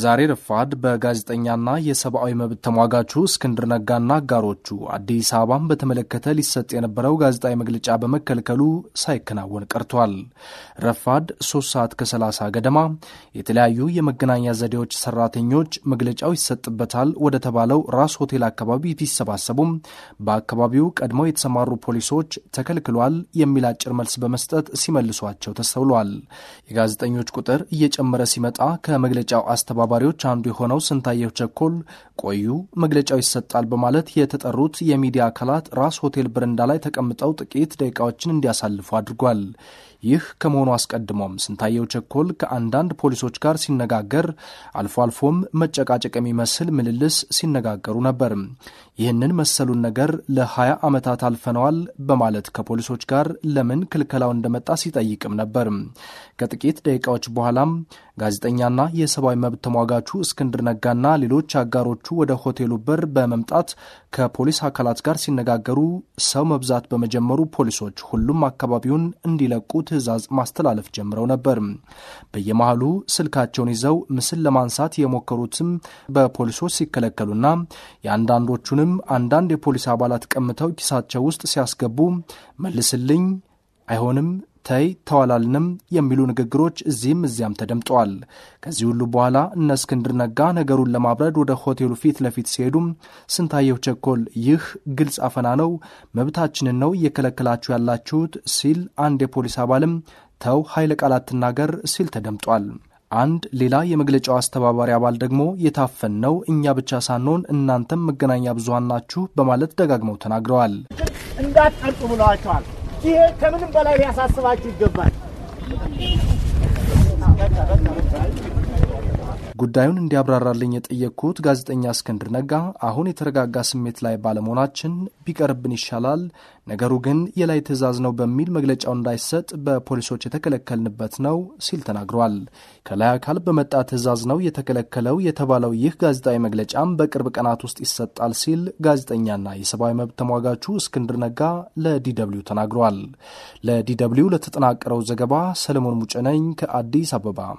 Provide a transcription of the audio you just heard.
ዛሬ ረፋድ በጋዜጠኛና የሰብአዊ መብት ተሟጋቹ እስክንድር ነጋና አጋሮቹ አዲስ አበባን በተመለከተ ሊሰጥ የነበረው ጋዜጣዊ መግለጫ በመከልከሉ ሳይከናወን ቀርቷል። ረፋድ ሶስት ሰዓት ከሰላሳ ገደማ የተለያዩ የመገናኛ ዘዴዎች ሰራተኞች መግለጫው ይሰጥበታል ወደ ተባለው ራስ ሆቴል አካባቢ ቢሰባሰቡም በአካባቢው ቀድመው የተሰማሩ ፖሊሶች ተከልክሏል የሚል አጭር መልስ በመስጠት ሲመልሷቸው ተስተውሏል። የጋዜጠኞች ቁጥር እየጨመረ ሲመጣ ከመግለጫው አስተባ አስተባባሪዎች አንዱ የሆነው ስንታየሁ ቸኮል ቆዩ መግለጫው ይሰጣል በማለት የተጠሩት የሚዲያ አካላት ራስ ሆቴል ብረንዳ ላይ ተቀምጠው ጥቂት ደቂቃዎችን እንዲያሳልፉ አድርጓል። ይህ ከመሆኑ አስቀድሞም ስንታየው ቸኮል ከአንዳንድ ፖሊሶች ጋር ሲነጋገር አልፎ አልፎም መጨቃጨቅ የሚመስል ምልልስ ሲነጋገሩ ነበር። ይህንን መሰሉን ነገር ለ20 ዓመታት አልፈነዋል በማለት ከፖሊሶች ጋር ለምን ክልከላው እንደመጣ ሲጠይቅም ነበር። ከጥቂት ደቂቃዎች በኋላም ጋዜጠኛና የሰብአዊ መብት ተሟጋቹ እስክንድር ነጋና ሌሎች አጋሮቹ ወደ ሆቴሉ በር በመምጣት ከፖሊስ አካላት ጋር ሲነጋገሩ ሰው መብዛት በመጀመሩ ፖሊሶች ሁሉም አካባቢውን እንዲለቁት? ትዕዛዝ ማስተላለፍ ጀምረው ነበር። በየመሃሉ ስልካቸውን ይዘው ምስል ለማንሳት የሞከሩትም በፖሊሶች ሲከለከሉና የአንዳንዶቹንም አንዳንድ የፖሊስ አባላት ቀምተው ኪሳቸው ውስጥ ሲያስገቡ መልስልኝ፣ አይሆንም ተይ ተዋላልንም የሚሉ ንግግሮች እዚህም እዚያም ተደምጠዋል። ከዚህ ሁሉ በኋላ እነ እስክንድር ነጋ ነገሩን ለማብረድ ወደ ሆቴሉ ፊት ለፊት ሲሄዱም ስንታየው ቸኮል ይህ ግልጽ አፈና ነው፣ መብታችንን ነው እየከለከላችሁ ያላችሁት ሲል አንድ የፖሊስ አባልም ተው ኃይለ ቃላት ትናገር ሲል ተደምጧል። አንድ ሌላ የመግለጫው አስተባባሪ አባል ደግሞ የታፈን ነው እኛ ብቻ ሳንሆን እናንተም መገናኛ ብዙሃን ናችሁ በማለት ደጋግመው ተናግረዋል። እንዳትጠርጡ ብለዋቸዋል። ይሄ ከምንም በላይ ሊያሳስባችሁ ይገባል። ጉዳዩን እንዲያብራራልኝ የጠየቅኩት ጋዜጠኛ እስክንድር ነጋ አሁን የተረጋጋ ስሜት ላይ ባለመሆናችን ቢቀርብን ይሻላል፣ ነገሩ ግን የላይ ትዕዛዝ ነው በሚል መግለጫው እንዳይሰጥ በፖሊሶች የተከለከልንበት ነው ሲል ተናግሯል። ከላይ አካል በመጣ ትዕዛዝ ነው የተከለከለው የተባለው ይህ ጋዜጣዊ መግለጫም በቅርብ ቀናት ውስጥ ይሰጣል ሲል ጋዜጠኛና የሰብአዊ መብት ተሟጋቹ እስክንድር ነጋ ለዲደብሊው ተናግሯል። ለዲደብሊው ለተጠናቀረው ዘገባ ሰለሞን ሙጨነኝ ከአዲስ አበባ